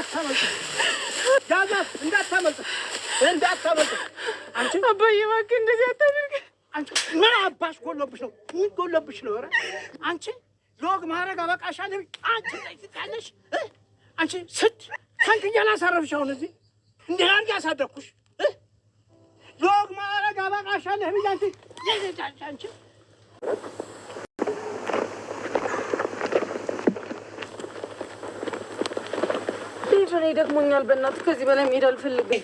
እንዳታመልጥ ዳዛት እንዳታመልጥ እንዳታመልጥ። አንቺ አባዬ እባክህ እንደዚህ አታድርግ። አንቺ ምን አባሽ ጎሎብሽ ነው? ምን ጎሎብሽ ነው? ኧረ አንቺ ለወግ ማድረግ አበቃሻል። አንቺ ትያለሽ። አንቺ ስድ ከንክያ ላሳረፍሽ። አሁን እዚህ እንዲህ አድርጌ አሳደግኩሽ። ለወግ ማድረግ አበቃሻለህ ብዬሽ አንቺ ሂድ። እኔ ደክሞኛል። በእናትህ ከዚህ በላይ መሄድ አልፈልግም።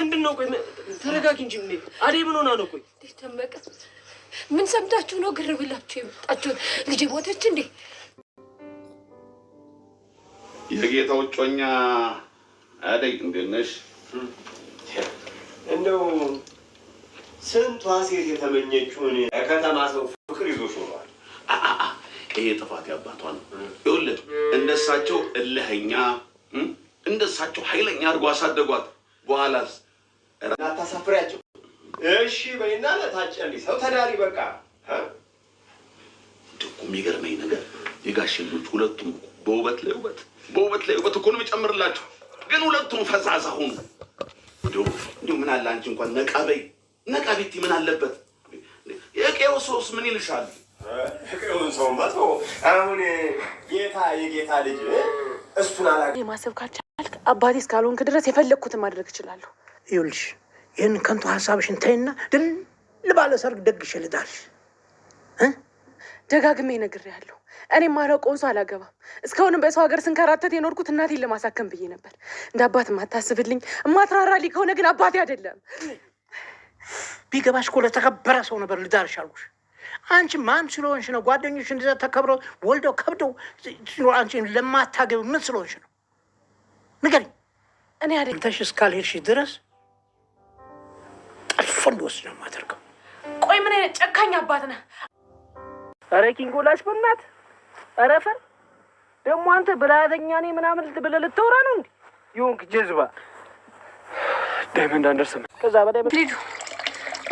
ምንድን ነው? ቆይ ተረጋጊ እንጂ ምን አዴ ምን ሆና ነው? ቆይ ደመቀ፣ ምን ሰምታችሁ ነው ግር ብላችሁ የመጣችሁት? ልጄ ሞተች እንዴ? የጌታው እጮኛ አደይ እንዴት ነሽ? እንደው ስንቷ ሴት የተመኘችውን ከተማ ሰው ፍቅር ይዞ ሾሯል። ይሄ ጥፋት ያባቷ ነው። ይኸውልህ እንደሳቸው እልኸኛ እንደሳቸው ኃይለኛ አድርጎ አሳደጓት። በኋላ እናታሳፍሪያቸው እሺ በይና ለታጨልኝ ሰው ተዳሪ በቃ እኮ የሚገርመኝ ነገር የጋሼ ልጆች ሁለቱም በውበት ላይ ውበት በውበት ላይ ውበት እኮ ነው የሚጨምርላቸው። ግን ሁለቱም ፈዛዛ ሆኑ። እንዲሁ ምን አለ አንቺ እንኳን ነቃ በይ ነቃ ቤቲ ምን አለበት? የቄው ሰውስ ምን ይልሻል? ቄውን ሰው መቶ አሁን ጌታ የጌታ ልጅ እሱን አላ የማሰብ ካልቻልክ አባቴ እስካልሆንክ ድረስ የፈለግኩትን ማድረግ እችላለሁ። ይኸውልሽ ይህን ከንቱ ሀሳብሽን ተይና ድል ባለ ሰርግ ደግሽ ልዳልሽ። ደጋግሜ ነግሬያለሁ። እኔ ማላውቀውን ሰው አላገባም። እስካሁንም በሰው ሀገር ስንከራተት የኖርኩት እናቴን ለማሳከም ብዬ ነበር። እንደ አባት የማታስብልኝ የማትራራልኝ ከሆነ ግን አባቴ አይደለም። ቢገባሽ እኮ ለተከበረ ሰው ነበር ልዳርሽ አልኩሽ። አንቺ ማን ስለሆንሽ ነው? ጓደኞች እንደዛ ተከብረው ወልደው ከብደው አንቺ ለማታገብ ምን ስለሆንሽ ነው? ንገሪኝ። እኔ አደንተሽ እስካልሄድሽ ድረስ ጠልፎ እንደወስድ ነው የማደርገው። ቆይ ምን አይነት ጨካኝ አባት ነህ? ኧረ ኪንጎ ላሽ በእናት ረፈን ደግሞ አንተ ብልሃተኛ እኔ ምናምን ብለህ ልታወራ ነው እንዴ? የሆንክ ጀዝባ ዳይመንድ አንደርሰን ከዛ በላይ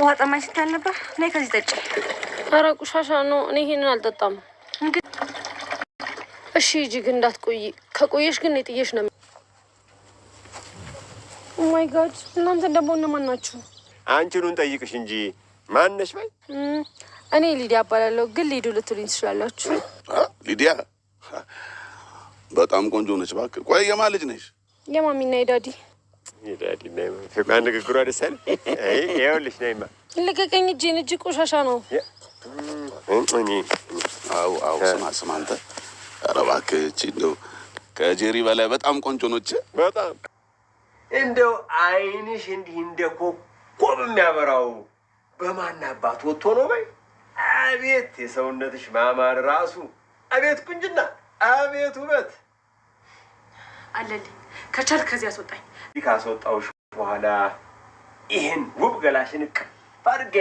ውሃ ጠማኝ ስታል ነበር። ነይ ከዚህ ጠጭ። ኧረ ቁሻሻ ነው። እኔ ይሄንን አልጠጣም። እሺ ሂጂ ግን እንዳትቆይ። ከቆየሽ ግን የጥየሽ ነው። ማይ ጋድ! Oh እናንተ ደግሞ እነማን ናችሁ? አንቺኑን ጠይቅሽ እንጂ ማነሽ በይ። እኔ ሊዲያ እባላለሁ፣ ግን ሊዱ ልትሉኝ ትችላላችሁ። ሊዲያ በጣም ቆንጆ ነች። እባክህ ቆይ፣ የማን ልጅ ነሽ? የማሚና የዳዲ ፍቅማ ንግግሯ ደስ አለ። ይኸውልሽ ነይማ ልቀቀኝ፣ እጄን እጅ ቆሻሻ ነው። አዎ ስማ ስማ፣ አንተ ኧረ እባክህ እቺ እንደው በላይ በጣም ቆንጆ ነች። በጣም እንደው አይንሽ እንዲህ እንደ ኮከብ የሚያበራው በማን አባት ወጥቶ ነው? በይ አቤት የሰውነትሽ ማማር ራሱ አቤት ቁንጅና፣ አቤት ውበት አለልኝ። ከቻል ከዚህ አስወጣኝ ይህ ካስወጣሁሽ በኋላ ይህን ውብ ገላሽን እቅፍ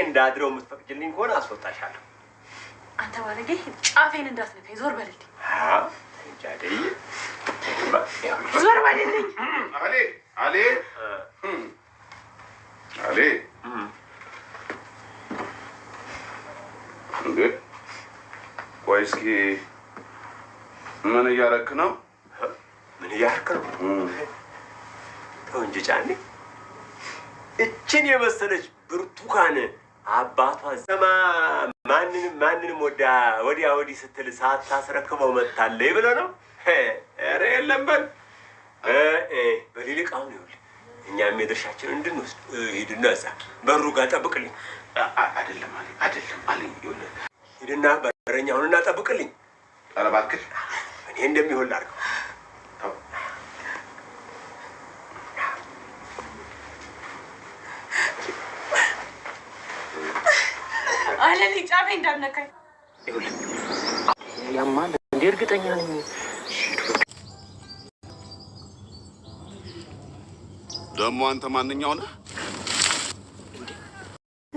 እንዳድረው የምትፈቅጂልኝ ከሆነ አስወጣሻለሁ። አንተ ባለጌ ጫፌን እንዳትነካ፣ ዞር በልልኝ። ዞር በልልኝ። አሌ አሌ አሌ እንዴ! ቆይ እስኪ ምን እያረክ ነው? ምን እያረክ ነው? ተው እንጂ ጫኔ። እችን የመሰለች ብርቱካን አባቷ ዘማ ማንንም ማንንም ወዲያ ወዲህ ስትል ሳታስረክበው መጥታለች ብለህ ነው? ኧረ የለም በል በሌሊቅ አሁን ይኸውልህ እኛም የድርሻችንን እንድንወስድ ሂድና እዛ በሩ ጋር ጠብቅልኝ። አይደለም አለኝ አይደለም አለኝ ሂድና በረኛውንና ጠብቅልኝ። ኧረ እባክህ እኔ እንደሚሆን ላድርገው ጫፌ እንዳነካኝ ያማል እንዴ? እርግጠኛ ነኝ ደግሞ አንተ ማንኛው ነህ?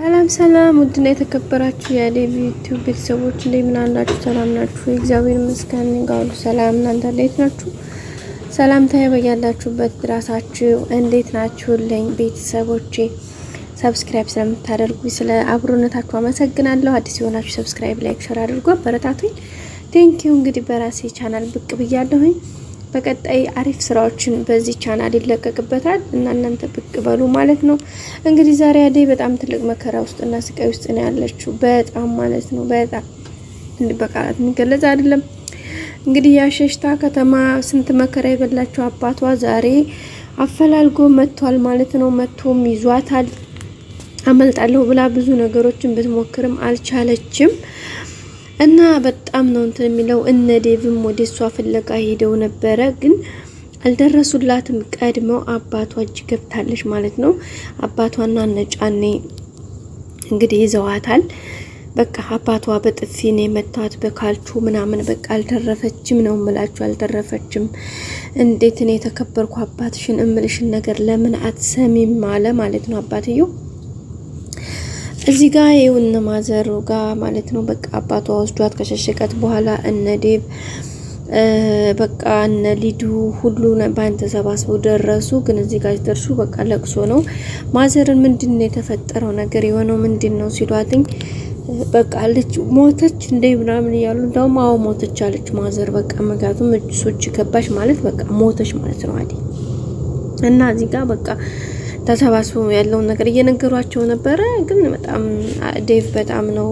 ሰላም ሰላም፣ ውድና የተከበራችሁ የአዴብ ዩቲዩብ ቤተሰቦች እንደምን አላችሁ? ሰላም ናችሁ? እግዚአብሔር ይመስገን ጋር ሰላም። እናንተ እንዴት ናችሁ? ሰላምታዬ በያላችሁበት ድረሳችሁ። እንዴት ናችሁልኝ ቤተሰቦቼ? ሰብስክራይብ ስለምታደርጉ ስለ አብሮነታችሁ አመሰግናለሁ። አዲስ የሆናችሁ ሰብስክራይብ፣ ላይክ፣ ሸር አድርጎ አበረታቱኝ። ቴንኪዩ። እንግዲህ በራሴ ቻናል ብቅ ብያለሁኝ። በቀጣይ አሪፍ ስራዎችን በዚህ ቻናል ይለቀቅበታል እና እናንተ ብቅ በሉ ማለት ነው። እንግዲህ ዛሬ አደይ በጣም ትልቅ መከራ ውስጥና ስቃይ ውስጥ ነው ያለችው። በጣም ማለት ነው በጣም በቃላት የሚገለጽ አይደለም። እንግዲህ ያሸሽታ ከተማ ስንት መከራ የበላቸው አባቷ ዛሬ አፈላልጎ መጥቷል ማለት ነው። መጥቶም ይዟታል። አመልጣለሁ ብላ ብዙ ነገሮችን ብትሞክርም አልቻለችም። እና በጣም ነው እንትን የሚለው እነ ዴቭም ወደ እሷ ፍለጋ ሄደው ነበረ ግን አልደረሱላትም። ቀድመው አባቷ እጅ ገብታለች ማለት ነው። አባቷና ነጫኔ እንግዲህ ይዘዋታል። በቃ አባቷ በጥፊ ነው የመታት በካልቹ ምናምን በቃ አልተረፈችም ነው እምላችሁ፣ አልተረፈችም። እንዴት ነው የተከበርኩ አባትሽን እምልሽን ነገር ለምን አትሰሚም አለ ማለት ነው አባትየው እዚህ ጋር ይሁን ማዘሩ ጋር ማለት ነው። በቃ አባቷ ወስዷት ከሸሸቀት በኋላ እነ ዴቭ በቃ እነ ሊዱ ሁሉ ባን ተሰባስበው ደረሱ። ግን እዚህ ጋር ሲደርሱ በቃ ለቅሶ ነው። ማዘርን ምንድን ነው የተፈጠረው ነገር የሆነው ምንድን ነው ሲሏትኝ በቃ ልጅ ሞተች እንደ ምናምን እያሉ እንደውም አዎ ሞተች አለች ማዘር በቃ ምክንያቱም እሱ እጅ ገባች ማለት በቃ ሞተች ማለት ነው አይደል እና እዚህ ጋር በቃ ተሰባስበው ያለውን ነገር እየነገሯቸው ነበረ። ግን በጣም ዴቭ በጣም ነው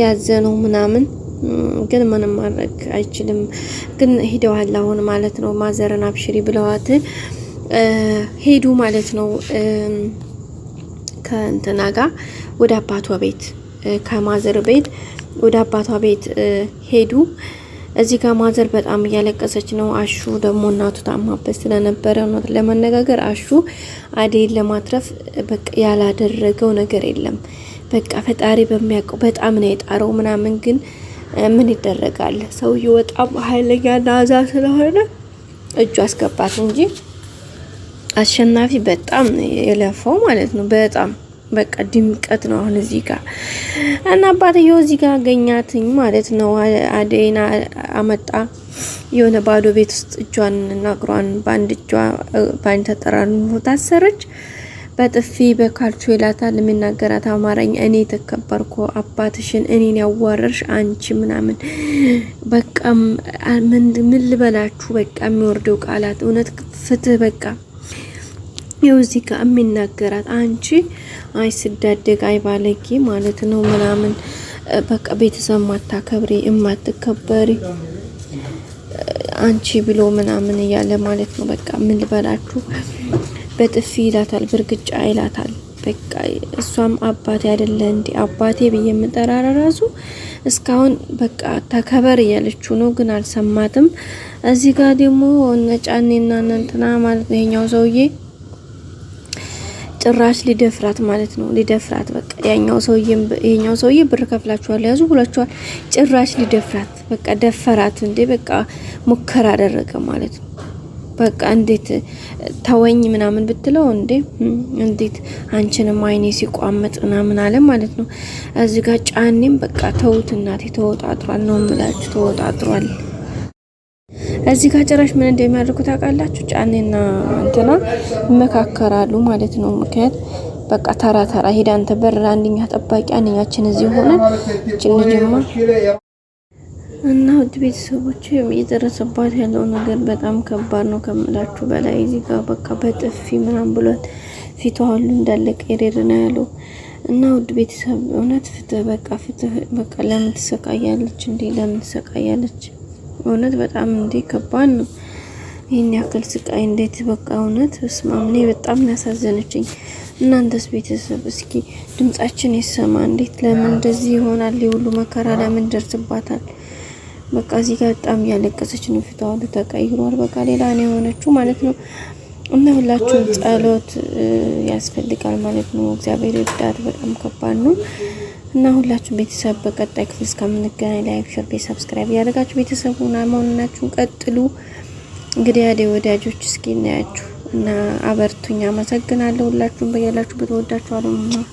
ያዘነው ምናምን ግን ምንም ማድረግ አይችልም። ግን ሄደዋል አሁን ማለት ነው። ማዘርን አብሽሪ ብለዋት ሄዱ ማለት ነው ከእንትና ጋር ወደ አባቷ ቤት ከማዘር ቤት ወደ አባቷ ቤት ሄዱ። እዚህ ጋር ማዘር በጣም እያለቀሰች ነው። አሹ ደግሞ እናቱ ታማበት ስለነበረ ነው ለመነጋገር አሹ አዴን ለማትረፍ በቃ ያላደረገው ነገር የለም። በቃ ፈጣሪ በሚያውቀው በጣም ነው የጣረው ምናምን። ግን ምን ይደረጋል? ሰውየው በጣም ኃይለኛ ናዛ ስለሆነ እጁ አስገባት እንጂ አሸናፊ በጣም የለፋው ማለት ነው በጣም በቃ ድምቀት ነው አሁን እዚህ ጋር እና አባትየው እዚህ ጋር አገኛትኝ ማለት ነው። አደይና አመጣ የሆነ ባዶ ቤት ውስጥ እጇን እና እግሯን በአንድ እጇ በአንድ ተጠራርሞ ታሰረች። በጥፊ በካልቾ ይላታል። የሚናገራት አማርኛ እኔ የተከበርኩ አባትሽን እኔን ያዋረርሽ አንቺ ምናምን በቃ ምን ልበላችሁ፣ በቃ የሚወርደው ቃላት እውነት ፍትህ በቃ ይኸው እዚህ ጋር የሚናገራት አንቺ አይ ስዳደግ አይ ባለጌ ማለት ነው ምናምን በቃ ቤተሰብ ማታከብሪ የማትከበሪ አንቺ ብሎ ምናምን እያለ ማለት ነው። በቃ ምን ልበላችሁ፣ በጥፊ ይላታል፣ ብርግጫ ይላታል። በቃ እሷም አባቴ አይደለ እንዲ አባቴ ብዬ የምጠራረ ራሱ እስካሁን በቃ ተከበር እያለችው ነው፣ ግን አልሰማትም። እዚህ ጋር ደግሞ ነጫኔና እንትና ማለት ነው ይሄኛው ሰውዬ ጭራሽ ሊደፍራት ማለት ነው። ሊደፍራት በቃ ያኛው ሰውዬ ይሄኛው ሰውዬ ብር ከፍላችኋል፣ ያዙ ብሏችኋል። ጭራሽ ሊደፍራት በቃ ደፈራት እንዴ! በቃ ሙከራ አደረገ ማለት ነው። በቃ እንዴት ተወኝ ምናምን ብትለው እንዴ እንዴት አንቺንም አይኔ ሲቋመጥ ምናምን አለ ማለት ነው። እዚህ ጋር ጫኔም በቃ ተውት እናቴ ተወጣጥሯል ነው የምላችሁ፣ ተወጣጥሯል። እዚህ ጋር ጭራሽ ምን እንደሚያደርጉ ታውቃላችሁ? ጫኔና እንትና ይመካከራሉ ማለት ነው። ምክንያት በቃ ተራ ተራ ሄዳ አንተ በር አንደኛ ጠባቂ አንኛችን እዚህ ሆነ ጭንጅማ እና ውድ ቤተሰቦች እየደረሰባት ያለው ነገር በጣም ከባድ ነው ከምላችሁ በላይ። እዚህ ጋር በቃ በጥፊ ምናምን ብሏት ፊቷ ሁሉ እንዳለ ቀሬር ነው ያለው። እና ውድ ቤተሰብ እውነት ፍትህ፣ በቃ ፍትህ፣ በቃ ለምን ትሰቃያለች እንዴ? ለምን ትሰቃያለች? እውነት በጣም እንዴ ከባድ ነው። ይህን ያክል ስቃይ እንዴት በቃ እውነት ስማምኔ በጣም ያሳዘነችኝ። እናንተስ ቤተሰብ እስኪ ድምጻችን ይሰማ። እንዴት ለምን እንደዚህ ይሆናል? የሁሉ መከራ ለምን ደርስባታል? በቃ እዚህ ጋር በጣም እያለቀሰች ነው። ፊቷ ሁሉ ተቀይሯል። በቃ ሌላ ነው የሆነችው ማለት ነው። እና ሁላችሁም ጸሎት ያስፈልጋል ማለት ነው። እግዚአብሔር ይርዳት። በጣም ከባድ ነው። እና ሁላችሁ ቤተሰብ በቀጣይ ክፍል እስከምንገናኝ ላይክ፣ ሼር፣ ቤት ያደርጋችሁ እያደረጋችሁ ቤተሰቡን መሆናችሁን ቀጥሉ። እንግዲህ ያዴ ወዳጆች እስኪ እናያችሁ እና አበርቱኝ። አመሰግናለሁ። ሁላችሁም በያላችሁበት ወዳችኋለሁ።